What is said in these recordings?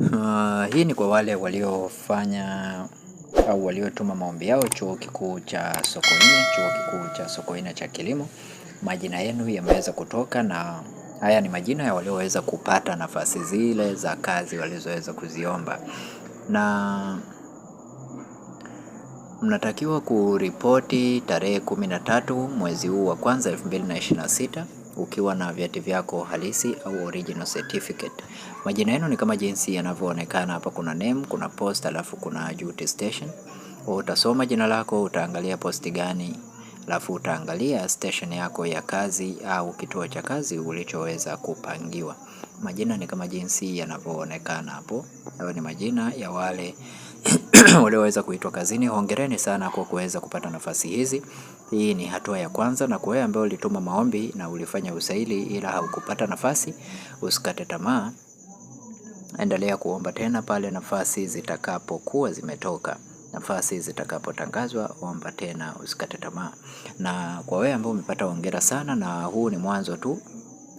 Uh, hii ni kwa wale waliofanya au waliotuma maombi yao chuo kikuu cha Sokoine, chuo kikuu cha Sokoine cha kilimo. Majina yenu yameweza kutoka, na haya ni majina ya walioweza kupata nafasi zile za kazi walizoweza kuziomba, na mnatakiwa kuripoti tarehe kumi na tatu mwezi huu wa kwanza elfu mbili na ishirini na sita ukiwa na vyeti vyako halisi au original certificate. Majina yenu ni kama jinsi yanavyoonekana hapa, kuna name, kuna post, alafu kuna duty station. Utasoma jina lako, utaangalia posti gani, alafu utaangalia station yako ya kazi au kituo cha kazi ulichoweza kupangiwa. Majina ni kama jinsi yanavyoonekana hapo. Hayo ni majina ya wale walioweza kuitwa kazini, hongereni sana kwa kuweza kupata nafasi hizi. Hii ni hatua ya kwanza, na kwa wewe ambaye ulituma maombi na ulifanya usaili ila haukupata nafasi, usikate tamaa, endelea kuomba tena pale nafasi zitakapokuwa zimetoka nafasi zitakapotangazwa, omba tena, usikate tamaa. Na kwa wewe ambao umepata, hongera sana, na huu ni mwanzo tu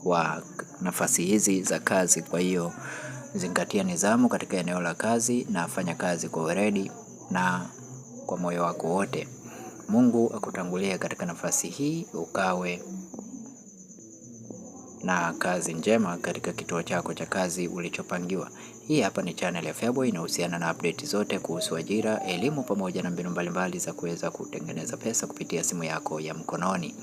wa nafasi hizi za kazi. Kwa hiyo zingatia nidhamu katika eneo la kazi na fanya kazi kwa weledi na kwa moyo wako wote. Mungu akutangulie katika nafasi hii, ukawe na kazi njema katika kituo chako cha kazi ulichopangiwa. Hii hapa ni channel ya Feaboy inahusiana na update zote kuhusu ajira, elimu pamoja na mbinu mbalimbali za kuweza kutengeneza pesa kupitia simu yako ya mkononi.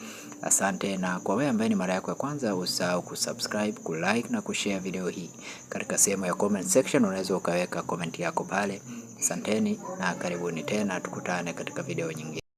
Asante, na kwa wewe ambaye ni mara yako ya kwanza, usahau kusubscribe, kulike na kushare video hii. Katika sehemu ya comment section unaweza ukaweka comment yako pale. Asanteni na karibuni tena, tukutane katika video nyingine.